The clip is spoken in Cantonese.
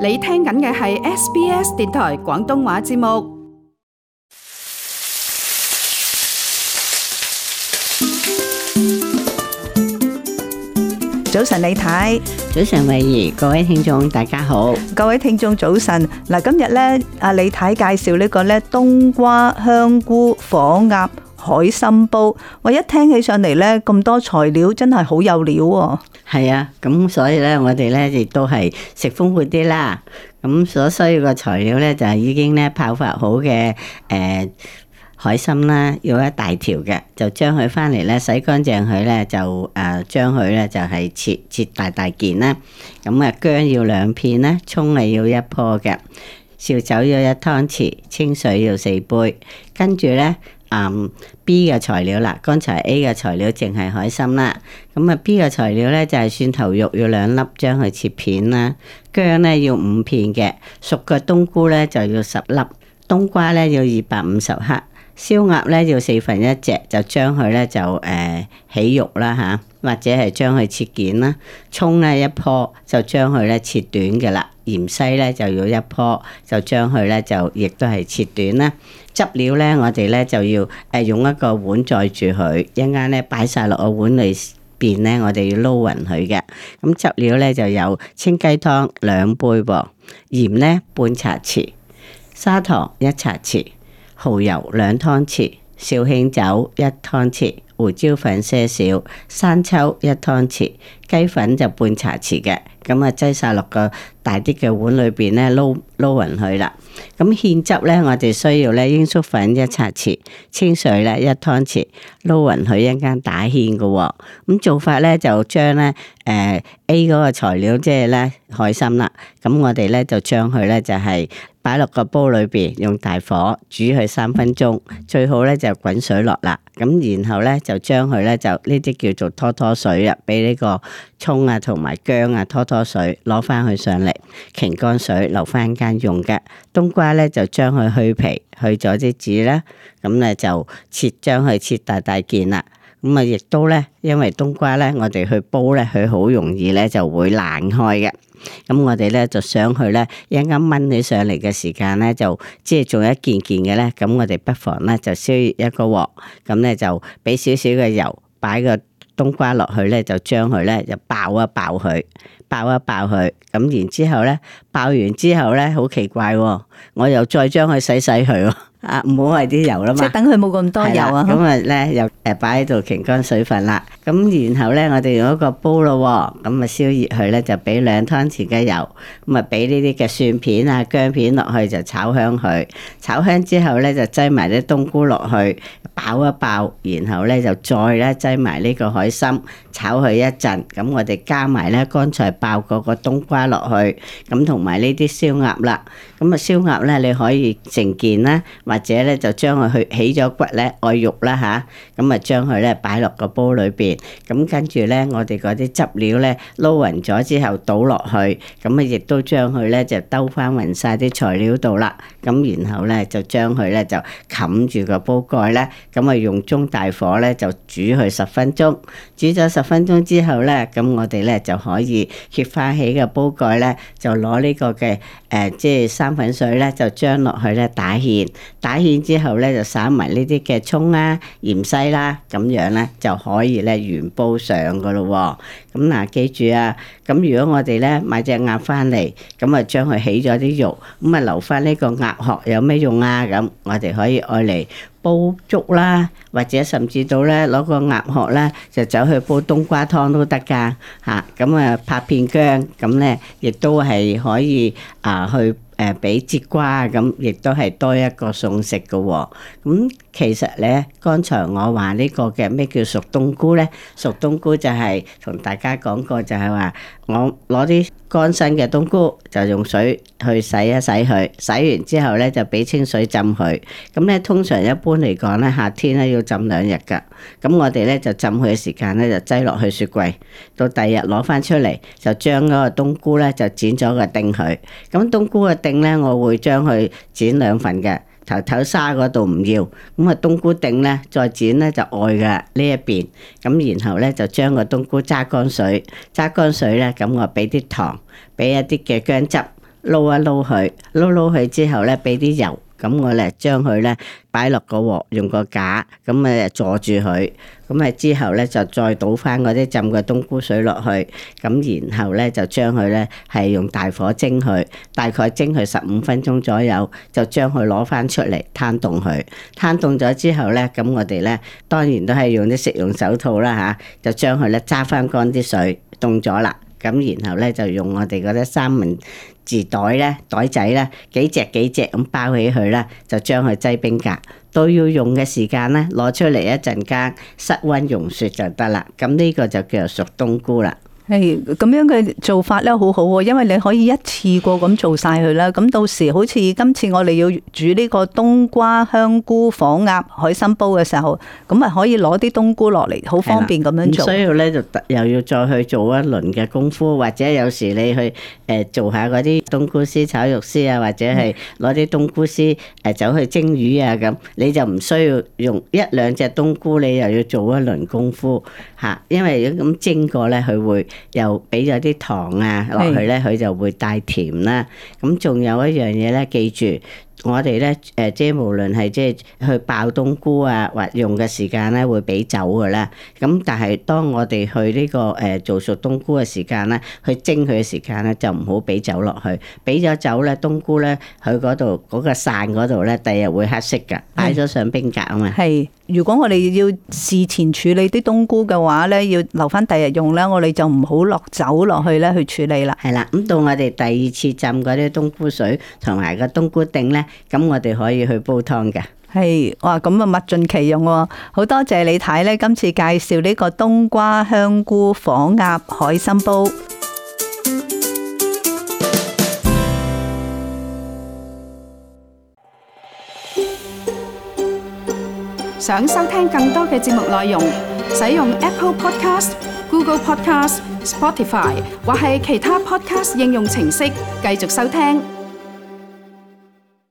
你聽緊嘅係 SBS 電台廣東話節目。早晨李太，早晨慧怡，各位聽眾大家好，各位聽眾早晨。嗱，今日咧，阿李太介紹呢個咧冬瓜香菇火鴨海參煲，我一聽起上嚟咧，咁多材料，真係好有料喎。係啊，咁所以咧，我哋咧亦都係食豐富啲啦。咁所需要嘅材料咧，就係、是、已經咧泡發好嘅誒、呃、海參啦，要一大條嘅，就將佢返嚟咧洗乾淨佢咧，就誒將佢咧就係、是、切切大大件啦。咁啊，薑要兩片咧，蔥你要一棵嘅，紹酒要一湯匙，清水要四杯，跟住咧。Um, B 嘅材料啦，剛才 A 嘅材料淨係海參啦，咁啊 B 嘅材料咧就係蒜頭肉要兩粒，將佢切片啦，薑咧要五片嘅，熟嘅冬菇咧就要十粒，冬瓜咧要二百五十克。燒鴨咧要四分一隻，就將佢咧就誒、呃、起肉啦嚇、啊，或者係將佢切件啦。葱咧一棵就將佢咧切短嘅啦。芫茜咧就要一棵就將佢咧就亦都係切短啦。汁料咧我哋咧就要誒用一個碗載住佢，一陣間咧擺晒落個碗裏邊咧，我哋要撈匀佢嘅。咁汁料咧就有清雞湯兩杯噃，鹽咧半茶匙，砂糖一茶匙。蠔油兩湯匙，紹興酒一湯匙，胡椒粉些少，生抽一湯匙，雞粉就半茶匙嘅，咁啊擠晒落個大啲嘅碗裏邊咧撈撈匀佢啦。咁芡汁咧，我哋需要咧，鷹粟粉一茶匙，清水咧一湯匙，撈匀佢一陣間打芡噶。咁做法咧就將咧誒 A 嗰個材料即係咧海參啦，咁我哋咧就將佢咧就係。擺落個煲裏邊，用大火煮佢三分鐘，最好咧就滾水落啦。咁然後咧就將佢咧就呢啲叫做拖拖水啊，俾呢個葱啊同埋薑啊拖拖水，攞翻佢上嚟，擎乾水留翻間用嘅。冬瓜咧就將佢去皮，去咗啲籽啦，咁咧就切將佢切大大件啦。咁啊，亦都咧，因為冬瓜咧，我哋去煲咧，佢好容易咧就會爛開嘅。咁我哋咧就上去咧，一陣間燜起上嚟嘅時間咧，就即係做一件件嘅咧。咁我哋不妨咧就燒熱一個鑊，咁咧就俾少少嘅油，擺個冬瓜落去咧，就將佢咧就爆一爆佢，爆一爆佢。咁然之後咧，爆完之後咧，好奇怪喎、哦！我又再將佢洗洗佢、哦。啊，唔好係啲油啦嘛，即係等佢冇咁多油啊，咁啊咧又誒擺喺度乾乾水分啦，咁然後咧我哋用一個煲咯，咁啊燒熱佢咧就俾兩湯匙嘅油，咁啊俾呢啲嘅蒜片啊薑片落去就炒香佢，炒香之後咧就擠埋啲冬菇落去爆一爆，然後咧就再咧擠埋呢個海參炒佢一陣，咁我哋加埋咧剛才爆過個冬瓜落去，咁同埋呢啲燒鴨啦，咁啊燒鴨咧你可以淨件啦。或者咧就將佢去起咗骨咧，愛肉啦吓，咁啊將佢咧擺落個煲裏邊，咁跟住咧我哋嗰啲汁料咧撈勻咗之後倒落去，咁啊亦都將佢咧就兜翻勻晒啲材料度啦，咁然後咧就將佢咧就冚住個煲蓋咧，咁啊用中大火咧就煮佢十分鐘，煮咗十分鐘之後咧，咁我哋咧就可以揭翻起個煲蓋咧，就攞呢個嘅誒、呃、即係生粉水咧就將落去咧打芡。打芡之後咧，就撒埋呢啲嘅葱啦、芫茜啦，咁樣咧就可以咧原煲上噶咯。咁嗱，記住啊。咁如果我哋咧買隻鴨翻嚟，咁啊將佢起咗啲肉，咁啊留翻呢個鴨殼有咩用啊？咁我哋可以愛嚟煲粥啦，或者甚至到咧攞個鴨殼咧就走去煲冬瓜湯都得噶。嚇，咁啊拍片姜，咁咧亦都係可以啊去。誒，俾節瓜咁，亦都係多一個餸食嘅喎。咁、嗯、其實咧，剛才我話呢個嘅咩叫熟冬菇咧？熟冬菇就係、是、同大家講過就，就係話我攞啲乾身嘅冬菇，就用水去洗一洗佢，洗完之後咧就俾清水浸佢。咁、嗯、咧通常一般嚟講咧，夏天咧要浸兩日㗎。咁我哋咧就浸佢嘅時間咧就擠落去雪櫃，到第二日攞翻出嚟，就將嗰個冬菇咧就剪咗個丁佢。咁冬菇嘅咧我會將佢剪兩份嘅，頭頭沙嗰度唔要，咁啊冬菇頂咧再剪咧就愛嘅呢一邊，咁然後咧就將個冬菇揸乾水，揸乾水咧咁我俾啲糖，俾一啲嘅薑汁撈一撈佢，撈撈佢之後咧俾啲油。咁我咧將佢咧擺落個鑊，用個架咁啊坐住佢，咁啊之後咧就再倒翻嗰啲浸嘅冬菇水落去，咁然後咧就將佢咧係用大火蒸佢，大概蒸佢十五分鐘左右，就將佢攞翻出嚟攤凍佢，攤凍咗之後咧，咁我哋咧當然都係用啲食用手套啦吓、啊，就將佢咧揸翻乾啲水凍咗啦。咁然後咧就用我哋嗰啲三文治袋咧袋仔咧幾隻幾隻咁包起佢啦，就將佢擠冰格到要用嘅時間咧攞出嚟一陣間室溫溶雪就得啦。咁、這、呢個就叫做熟冬菇啦。係咁樣嘅做法咧，好好喎，因為你可以一次過咁做晒佢啦。咁到時好似今次我哋要煮呢個冬瓜香菇火鴨海參煲嘅時候，咁咪可以攞啲冬菇落嚟，好方便咁樣做。唔需要咧就又要再去做一輪嘅功夫，或者有時你去誒做下嗰啲冬菇絲炒肉絲啊，或者係攞啲冬菇絲誒走去蒸魚啊咁，你就唔需要用一兩隻冬菇，你又要做一輪功夫吓，因為如果咁蒸過咧，佢會。又俾咗啲糖啊落去咧，佢就會帶甜啦。咁仲是的 有一樣嘢咧，記住。我哋咧誒，即係無論係即係去爆冬菇啊，或用嘅時間咧，會俾酒嘅啦。咁但係當我哋去呢個誒做熟冬菇嘅時間咧，去蒸佢嘅時間咧，就唔好俾酒落去。俾咗酒咧，冬菇咧，佢嗰度嗰個散嗰度咧，第日會黑色㗎。擺咗上冰格啊嘛。係，如果我哋要事前處理啲冬菇嘅話咧，要留翻第日用啦，我哋就唔好落酒落去咧去處理啦。係啦，咁到我哋第二次浸嗰啲冬菇水同埋個冬菇頂咧。咁我哋可以去煲湯嘅，係，哇！咁啊物盡其用，好多謝李太咧，今次介紹呢個冬瓜香菇火鴨海參煲。想收聽更多嘅節目內容，使用 Apple Podcast、Google Podcast、Spotify 或係其他 Podcast 應用程式，繼續收聽。